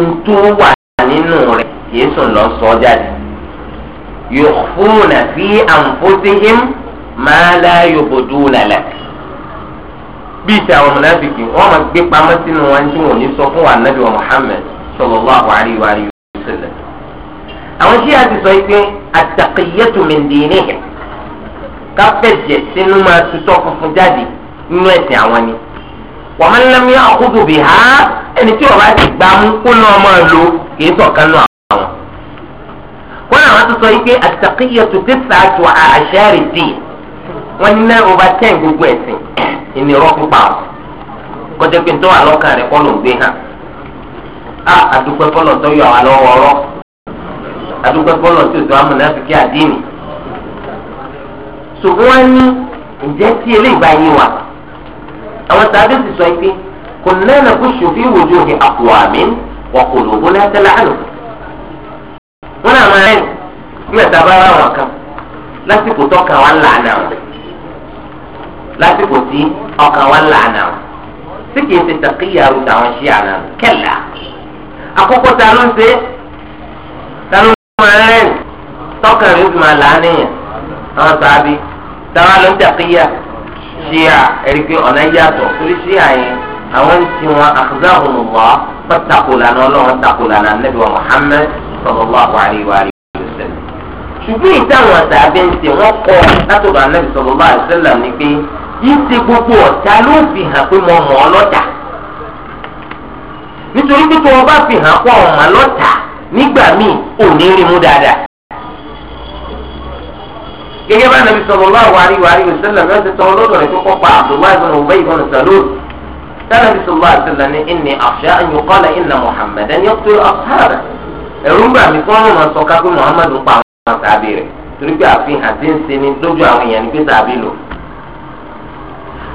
Speaker 2: ntó wà nínú rẹ̀ kìí sùn lọ sọ jáde yòfúnà fi àǹfóṣehìm máa la yòbòdú lálẹ́ bíi ti àwọn mọ̀nàfíkì wọ́n máa gbé pamọ́ sínú wọn tí wọ́n ní sọ fún wa nàbí wa Muhammad sallallahu alaihi wa alihi wa sallam àwọn tí a ti sọ yìí pé àtàkìyẹ́tù min dinihim káfẹ́jẹ̀ sínú máa tutọ́ funfun jáde nínú ẹ̀sìn àwọn ni wọ́n àkókò bìí ha ẹni tí wọ́n bá ti gbà mú kó náà máa lo kìí sọ̀kan náà wọn làwọn tó sọ yìí pé àtàkìyọ̀tù ti sàtù àṣàrì dì wọn ní náà over ten gbogbo ẹ̀sìn ìnirọ́ pípa kọjá pé nítorí àlọ́kàn rẹ̀ yọ àwọn lọ́wọ́ tó àdínì wọn ní ǹjẹ́ tí eléyìí bá yé wa àwọn sọ pé kò náà nà kó ìwòjú òkè àpò àmì wọ́n kò wọn náà máa rẹ́yìn mẹ́ta bá wà wọn kan lásìkò tó ọkàn wa ń là náà lásìkò tí ọkàn wa ń là náà tí kìí ṣe tàkìyàwó táwọn ṣí àná kẹlà àkọ́kọ́ ta ló ń ṣe ta ló ń máa rẹ́yìn tọkàn rẹ̀ ó fi máa là á àwọn sábì táwa ló ń tàkìyà ṣíà ẹ̀rí pé ọ̀nà yàtọ̀ torí ṣíà yẹn àwọn ń tiwọn àkàzáhùn wà pátákó lànà ọlọ́run tákó lànà nẹ́bí wa Muhammad sallallahu alaihi wa sallam. ṣùgbọ́n ìtàwọn àtàbẹ̀ ń tẹ̀ wọ́n kọ́ látọ̀dọ̀ anábì sallallahu alaihi wa sallam ni pé ìṣe gbogbo ọ̀tá ló fi hàn pé mo mọ̀ ọ́ lọ́tà. nítorí pé tó o bá fi hàn pọ̀ ọ̀mà lọ́tà nígbà míì ò ní rí mú dáadáa. gẹ́gẹ́ bá anábì sallallahu alaihi wa sallam lọ́sẹ̀ صلى الله عليه وسلم إني أخشى أن يقال إن محمدا يقتل أصحابه ẹ̀rú ń bà mí kọ́ ọ̀rùn máa sọ ká pé Muhammadu ń pa àwọn sàbí rẹ̀ torí pé àfihàn tí ń ṣe ni lójú àwọn èèyàn ní pé sàbí lò.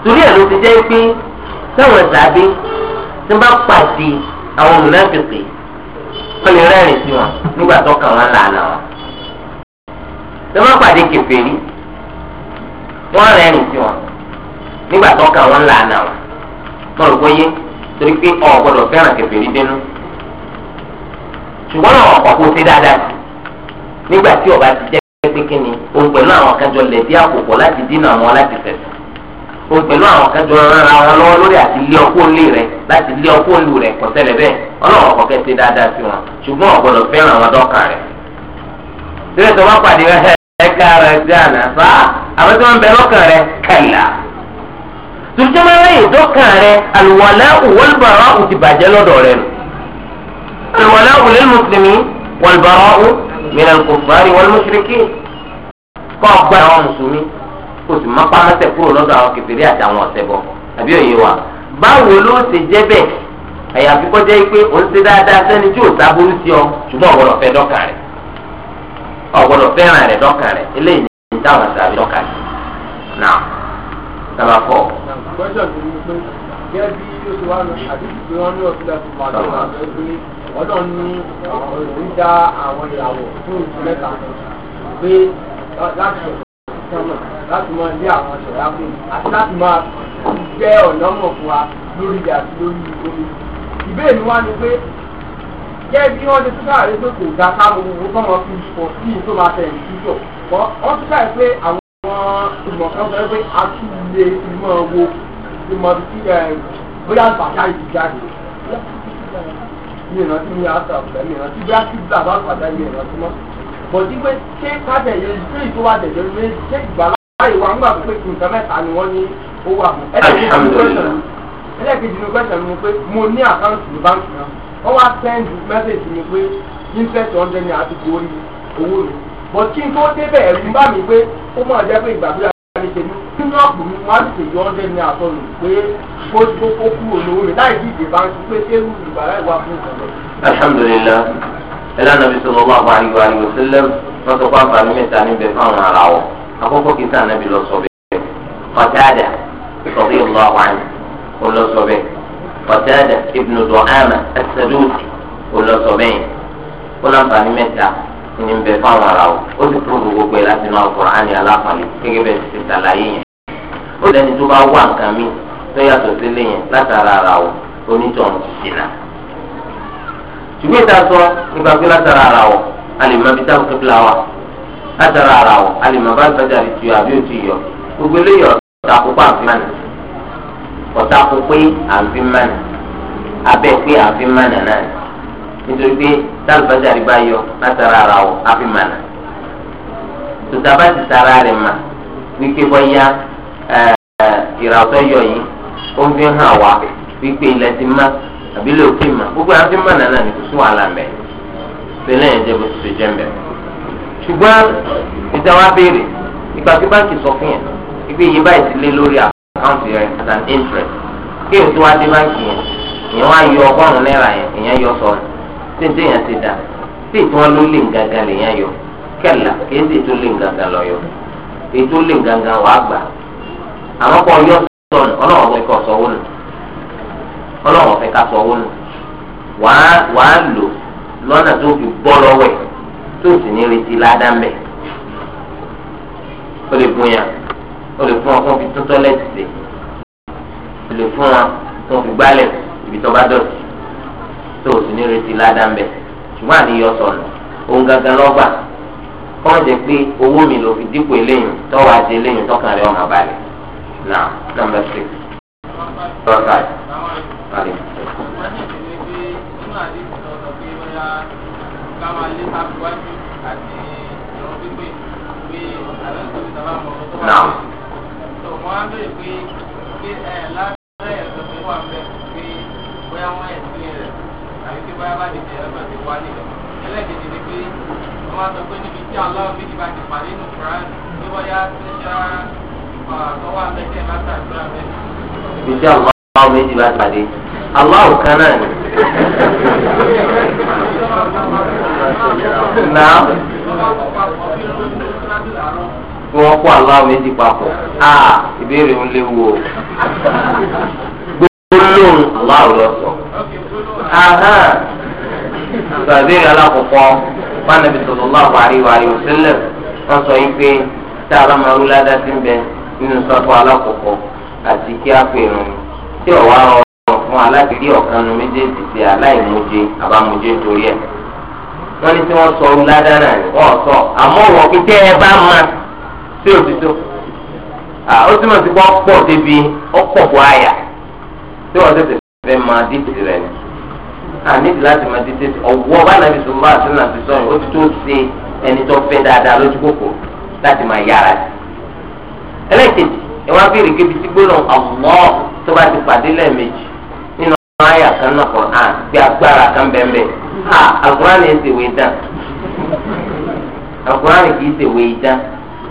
Speaker 2: torí ẹ̀ ló ti jẹ́ pé sẹ́wọ̀n sàbí tí wọ́n bá pàdé àwọn mùnàfìkì wọ́n lè rẹ́rìn sí wọn nígbà tó kàn wọ́n lànà wọn. tí wọ́n bá pàdé kèfèrí wọ́n rẹ́rìn sí wọn nígbà tó kàn wọ́n lànà wọn. wọ́n rò bóyé torí pé ọ̀ gbọ́dọ̀ fẹ́ràn kèfèrí dénú ṣùgbọ́n àwọn ọ̀pọ̀ kò ṣe dáadáa nígbà tí ọba ti jẹ́ pé kí ni òun pẹ̀lú àwọn kan jọ lẹ̀dí àkókò láti dínà wọn láti fẹ̀sẹ̀ òun pẹ̀lú àwọn kan jọ rárá wọn lọ́wọ́ lórí àti lé ọkọ́ lé rẹ̀ láti lé ọkọ́ lù rẹ̀ kò tẹ́lẹ̀ bẹ́ẹ̀ ọlọ́wọ́ ọ̀pọ̀ kẹ́ ṣe dáadáa sí wọn ṣùgbọ́n ọ̀gbọ́dọ̀ fẹ́ràn àwọn dọ́kà rẹ̀. sílẹ̀ tó wọ́n pàdé rẹ̀ ẹ̀ka rẹ̀ dáná fa àwọn tí wọ́n bẹ lọ́kàn rẹ̀ kẹlà. tùtùmọ̀ rẹ̀ ìdọ́kàn rẹ̀ الولاء للمسلمين والبراء من الكفار والمشركين kọ́ọ̀gbà àwọn mùsùlùmí kò sì máa pàmẹ́sẹ̀ kúrò lọ́dọ̀ àwọn kèfèrí àti àwọn ọ̀sẹ̀bọ àbí òye wa báwo ló ṣe jẹ́ bẹ́ẹ̀ àyàfi kọjá yìí pé ó ń ṣe dáadáa sẹ́ni tí ò sábúrú sí ọ ṣùgbọ́n ọ̀gbọ́dọ̀ fẹ́ dọ́kàn rẹ̀ ọ̀gbọ́dọ̀ fẹ́ràn rẹ̀ dọ́kàn rẹ̀ eléyìí ní táwọn àtàrí dọ́kàn rẹ̀ náà
Speaker 1: sábà fọ́ gẹ́gẹ́ bí ó ti wá lọ àdúgbò pé wọ́n ní ọ̀túnlẹ̀ tó máa lọ́wọ́ àgbẹ̀ pé ọ̀dọ̀ ní òun dá àwọn ìyàwó fún oṣù mẹ́ta pé láti sọ̀rọ̀ láti máa lé àwọn ṣẹ̀dá fún àti láti máa jẹ́ ọ̀nà mọ̀ fún wa lórí àti lórí omi. ìbéèrè wa ni pé gẹ́gẹ́ bí wọ́n ti tún káàrí pé kò dá ká gbogbo kọ́mọ fi pọ̀ sí i tó máa tẹ̀ ní títọ̀ wọ́n tún káàrí pé àwọn ìmọ̀ kan sọ pé a tún lè ìmọ̀ wo ni mo ti bóyá bàtà yìí jáde mi ìrántí mi àtà ọ̀fẹ́ mi ìrántí bóyá kí bàbá bàtà yìí ìrántí mọ́ bọ̀dí pé ṣé kábẹ̀ yẹn ṣé ìtọ́wà tẹ̀lé mi ṣé ìgbà láàyè wa ń gbà pé nǹkan mẹ́ta ni wọ́n ní ó wà mọ́ ẹlẹ́kejì ní question mi pé mo ní àkáǹtì ní báńkì náà wọ́n wá send message mi pé interest hundred naira ti gorí owó mi bọ̀ kí n tó débẹ̀ ẹ̀rù ń bà mí pé ó mọ̀ jẹ́ pé ìgbàgbé ní tèmi kí ní àpò mi máa ń tèjọ́ ọ́dẹ́ ní àtọ́nù pé bó tó kó kú olówó rẹ̀ láì sí ìdè bá ń pé sẹ́rù ìgbà láì wá fún ìkànnì. alhamdulilah
Speaker 2: ẹlẹ́nà bí sọ̀rọ̀ wà wáyé wa ni òṣèlè wọ́n sọ pé àǹfààní mẹ́ta níbẹ̀ fáwọn ara wọ̀ akọ́kọ́ kí sáà nàbí lọ sọ bẹ́ẹ̀ Qatada sọ̀rọ̀ ìlú àwọn olóṣọ̀bẹ̀ Qatada ibnu Du'ama as ní bẹ fáwọn ara o ó sì kúrò gbogbo ẹ láti náà Kùránì aláfààní gẹ́gẹ́ bẹ ti ṣàlàyé o ó lẹni tó bá wà nǹkan mi tó yàtọ̀ sílé yẹn látara ara o onítọ̀hún ti ṣìnà ṣùgbọ́n ìta sọ nípa pé látara ara o alìmọ̀ bí táwọn kébìlà wa látara ara o alìmọ̀ bá gbàdá rẹ̀ tuyọ̀ àbí òtún yọ gbogbo eléyọ̀ ọ̀tà kópa àfin mánà ọ̀tà kópa àfin mánà abẹ́ pé àfin mánà náà nítorí pé tálùfájà rí bá yọ látara ara ọ àfi mànà tòtá bá ti tara rẹ̀ mà wípé bọ́yá ìràwọ̀tọ́ yọ yìí ó ń fi hàn wá wípé ilẹ̀ ti má àbí ilé òkè mà gbogbo àwọn fi mànà náà ní kò sí wàhálà mẹ́ tẹ́lẹ̀ yẹn jẹ́ bó ti ṣe jẹ́ mbẹ́. ṣùgbọ́n ìjà wa béèrè ìgbà tí báńkì sọ fún yẹn wípé iye báyìí ti lé lórí àkáǹtì rẹ̀ at an interest kí èyí tó wá dé báńkì yẹn ìyẹn wá yọ ọgọ́rùn-ún náírà yẹn ìyẹn yọ sọ̀rọ̀ tí ní téèyàn ti dà tí ìtàn ló lè gangan lèèyàn yọ kẹlà kì í sì tó lè gangan lọ yọ ètò lè gangan wàá gbà àwọn kan yọ sọnù ọlọ́wọ́n fẹ́ kọ́ sọ́wọ́ nù ọlọ́wọ́n fẹ́ ká sọ́wọ́ nù wàá wàá lò lọ́nà tó fi bọ́ lọ́wọ́ ẹ̀ tó sì ní retí ládàá o lè fún yàn o lè fún ọ kó fi tó tọ́lẹ́tì sí o lè fún ọ kó fi gbálẹ̀ ibi tó bá dọ̀tí. tó o sì ní retí ládàá ṣùgbọ́n àníyọ òun gangan lọ́gbà kọ́ jẹ́ pé owó mi ló fi dípò eléyìn tọ́wọ́ àti eléyìn nọmba
Speaker 1: àbí tí báyà bá dìde ẹ̀rọ àti wá nílẹ̀ ẹlẹ́dẹ̀ẹ́dẹ̀ ni pé wọ́n máa sọ pé níbi tí aláwọ̀ méjì bá ti pàdé nù kúrán ní bóyá tíṣà àtọwọ́ abẹ́kẹ́ látàdúrà bẹ́ẹ̀. ibi tí
Speaker 2: aláwọ̀ méjì bá pàdé
Speaker 1: aláwọ̀ kan náà ni. náà
Speaker 2: tí wọ́n kó aláwọ̀ méjì papọ̀ a ìbéèrè ń léwu o gbólóhùn aláwọ̀ lọ sọ. sàbẹ̀rẹ̀ alákọ̀ọ́kọ́ mánàbí sallallahu alaihi wa sọ yín pé tá a bá máa rú sí ń bẹ nínú sọ́kọ́ alákọ̀ọ́kọ́ àti kí á pè rún tí ọ̀wá ọ̀rọ̀ fún alákìrí ọ̀kan nu méjèèjì aláìmọ̀jẹ àbámọ̀jẹ torí ẹ̀ wọ́n ní tí wọ́n sọ rú ládá náà wọ́n sọ àmọ́ wọ́n fi ẹ bá máa sí àníbi láti máa tètè ọwọ́ bánàbí sọ̀rọ̀ àtúnà ti sọ̀rọ̀ ó ti tó ṣe ẹni tó fẹ́ dáadáa lójú kòkò láti máa yára sí. ẹlẹ́kejì ẹ wá béèrè kébi tí gbólóhùn ọ̀mọ́ tó bá ti pàdé lẹ́ẹ̀mejì nínú àwọn àyà kan náà kọ̀ hàn pé agbára kan bẹ́ẹ̀ bẹ́ẹ̀ ha àgùránì ẹ̀ ṣèwé dán àgùránì kì í ṣèwé dán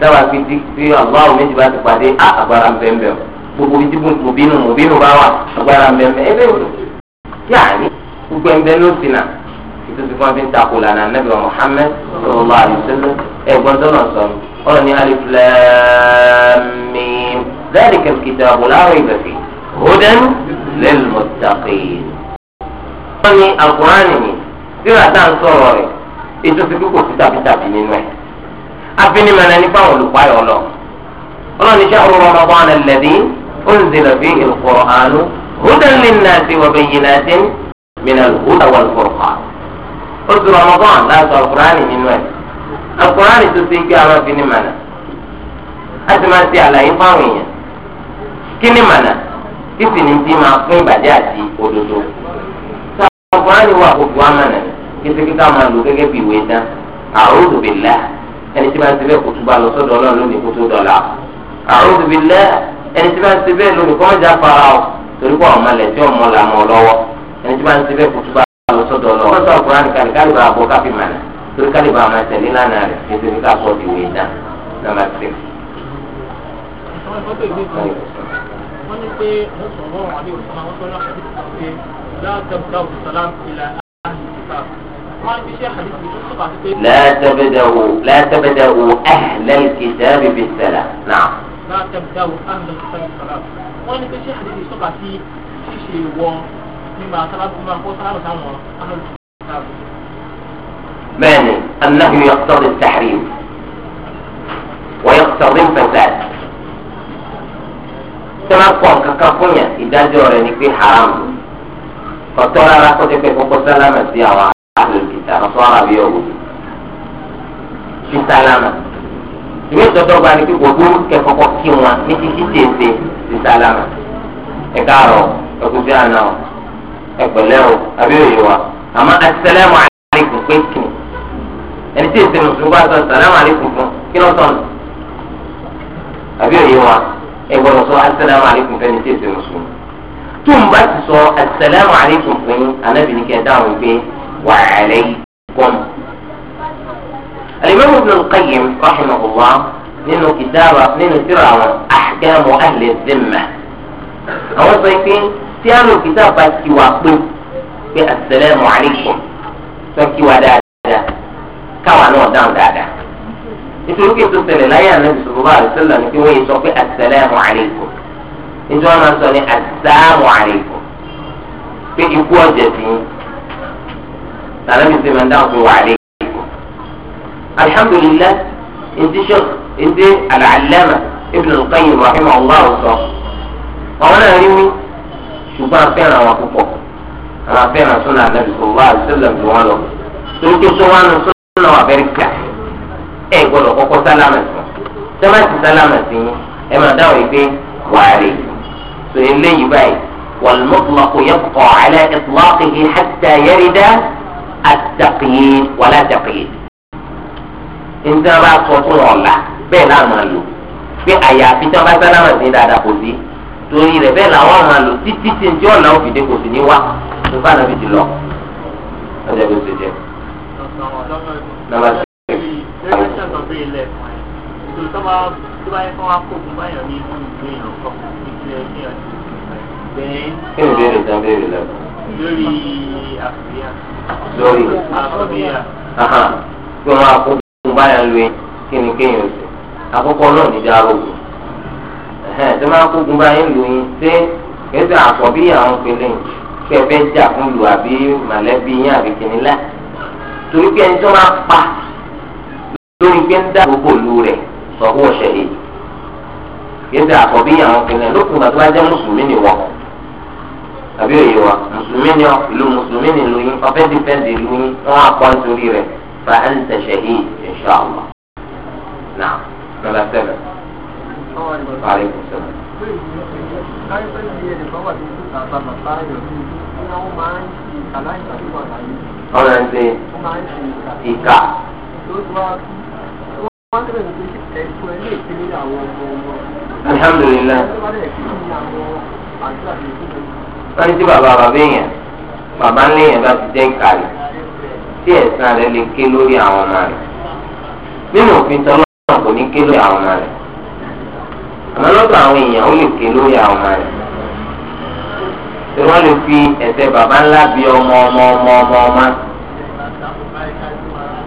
Speaker 2: táwa fi di pé ọ̀gbọ́n méjì bá ti pàdé agbára bẹ́ẹ̀ bẹ́ẹ̀ gbogbo ibi tí mo bínú mo bínú bá wà agbára bẹ́ẹ̀ bẹ́ẹ̀ ẹ bẹ́ẹ̀ wò yáà ní gbogbo ẹ̀ ń bẹ ní òsínà ìtòsí kan fi ń takò lànà nàbì wa Muhammad sallallahu alaihi wasallam ẹ̀gbọ́n tó náà sọ̀rọ̀ ọ̀rọ̀ ní alif lam mim dhalika al-kitabu la rayba fihi hudan lil-muttaqin. wọ́n ní àkùránì ni síra tá à ń sọ̀rọ̀ rẹ̀ ìtòsí kókò sí من الهدى والفرقان oṣù rọmọgán láti ọkùnránì nínú ẹ ọkùnránì tó ti gbé àwọn obìnrin mànà a ti máa ṣe àlàyé fáwọn èèyàn kí ni mànà kí sì ni ti máa fún ìbàjẹ́ àti òdodo sọ ọkùnránì wà gbogbo àmànà kíkí ká máa lò gẹ́gẹ́ bí ìwé dán a'udhu billah ẹni tí máa ń ṣe bẹ́ẹ̀ kó tún bá lọ sọ́dọ̀ ọlọ́run lónìí kó tó dọ̀la a'udhu billah ẹni tí máa ń ṣe bẹ́ẹ̀ lónìí kó wọ́n já fara ọ torí kó àwọn ọmọ ẹni tí wọ́n ti bẹ́ẹ̀ kutuba àwọn sọ́dọ̀ ọ̀nà wọ́n sọ àkùrán nìkan nìkan lè bá àbọ̀ káfí mànà torí ká lè bá àwọn ẹsẹ̀ nílànà rẹ̀ ètò ìfẹ́ àkọ́ ní pé wọ́n
Speaker 1: sọ̀rọ̀ àwọn àbí òṣùwọ̀n لا تبدأوا
Speaker 2: لا تبدأوا أهل الكتاب بالسلام نعم
Speaker 1: لا تبدأوا أهل الكتاب بالسلام وأنا بشيء حديث سبعة في شيء nígbà sábàbù máa kó sábàbù táwọn amọ̀lù sábàbù.
Speaker 2: bẹ́ẹ̀ni anahu yaqtadi tahrim wa yaqtadi fasad tí wọ́n kọ kankan fún yàn ìdájọ́ rẹ̀ ni pé haram ọ̀tọ̀ rárá kó tẹ́ pé kókó sálámà sí àwọn àlùkìtà ọ̀tọ̀ rárá bí ọ̀gbìn sí sálámà ìwé ìtọ́jọ́ gba ni pé gbogbo kẹ́kọ̀ọ́ kí wọn ní títí tèèfé sí sálámà ẹ̀ka àrọ̀ ẹ̀kú sí àná ọ̀ ẹgbẹ̀lẹ́ o àbí òye wa àmọ́ asẹ́lẹ̀mù aláìkùn pé kì í ẹni tí èsì mùsùlùmí bá sọ sàlámù aláìkùn fún kí ló sọnù àbí òye wa ẹgbẹ̀rún sọ asẹ́lẹ̀mù aláìkùn fún ẹni tí èsì mùsùlùmí tó bá ti sọ asẹ́lẹ̀mù aláìkùn fún yín anábìrin pé wà á lẹ́ kọ́nù. الإمام ابن القيم رحمه الله nínú كتابة nínú tírà àwọn أحكام أهل الذمة àwọn sọ pé tí àlò kìtà bá ti wà pé pé assalamu alaikum tó kí wa dáadáa káwa náà dáhùn dáadáa nítorí pé tó ṣẹlẹ̀ láyé ànábì sallallahu alaihi wasallam ni pé wọ́n yẹ sọ pé assalamu alaikum nítorí wọn máa sọ ní assalamu alaikum pé ikú ọ̀jẹ̀ sí i tàbí dáhùn pé wa alaikum alhamdulilayi ndí sọ́ọ̀kì ndí al-allama sọ àwọn náà rí mi ṣùgbọ́n afẹ́ràn àwọn púpọ̀ àwọn afẹ́ràn sọ́nà ànábì sọ̀rọ̀ àṣẹlẹ̀ ju wọn lọ torí pé tó wọn sọ́nà wà bẹ́ẹ̀ kíá ẹ̀ gbọ́dọ̀ kọ́kọ́ sálámà sí sẹ́mẹ́tì sálámà sí yín máa dáhùn yìí wàhálì sọ eléyìí báyìí والمطلق يبقى على إطلاقه حتى يرد التقييد ولا تقييد إنت بقى صوت الله بين أمر يوم في آيات تبقى سلامة إذا دقوا torí rẹ̀ bẹ́ẹ̀ làwọn hàn lò títí tí ń jẹ́ ọ̀nà òfìdí kò sì ní wá tó bá nàbí ti lọ. ọjọ́ bó ṣe jẹ́. nàbàtí. kí
Speaker 1: ni béèrè tán béèrè lọ. lórí àkùbíyà. lórí àkùbíyà. kí wọ́n á kó
Speaker 2: fún báyà lóyún kí ni kéèyàn ṣe. àkọ́kọ́ náà ní dárò ògùn. ẹ tó máa kógun bá yín lù yín ṣé kẹsì àkọ́bí àwọn pèlè kẹ fẹ́ jà fún lù àbí màlẹ́bí yín àbí torí pé ẹni tó máa pa lórí pé ń dá gbogbo ìlú rẹ̀ sọ̀kú ọ̀sẹ̀ yìí kẹsì àkọ́bí àwọn pèlè lókun bàtú bá jẹ́ mùsùlùmí ni wọ́n àbí òye wa mùsùlùmí ni ìlú mùsùlùmí ni yín ọ̀fẹ́ yín wọ́n á pọ́n torí seven.
Speaker 1: káyọ̀pẹ́ ti ẹ̀rẹ̀ bá wà ní bàbá bàbá ayọ̀ ní ìlú wọn máa ń ṣe ìkà láì ṣàkóso
Speaker 2: àlàyé.
Speaker 1: wọ́n máa ń ṣe ìkà. alhamdulilayi.
Speaker 2: wọ́n ní tí bàbá bàbá èèyàn bàbá ńlẹ̀ yẹn bá ti jẹ́ ìkàlẹ̀ tí ẹ̀sán rẹ̀ àmọ́ lọ́dọ̀ àwọn èèyàn ó lè ké lórí àwọn ọmọ rẹ̀ tí wọ́n lè fi ẹ̀ṣẹ̀ bàbá ńlá bí ọmọ ọmọ ọmọ ọmọ ọmọ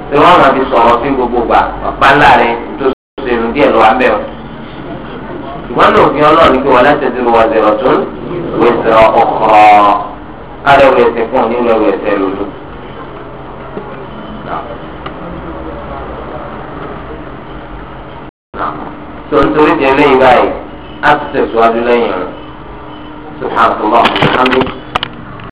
Speaker 2: tí wọ́n máa fi sọ̀rọ̀ sí gbogbo gbà bàbá ńlá rẹ̀ tó sẹnu díẹ̀ lọ́wọ́ abẹ́ o ìwọ́n náà fi ọlọ́run ní pé wọ́n láti ṣe wọ́n zẹ̀rọ̀ tó wọ́n ọkọ̀ arẹwẹ̀ ẹ̀ṣẹ̀ fún un nínú ẹ̀wẹ̀ lòlù tó ń torí di eléyìí báyìí á ti tẹ̀síwájú lẹ́yìn rẹ̀ subhanahu wa ta'ala.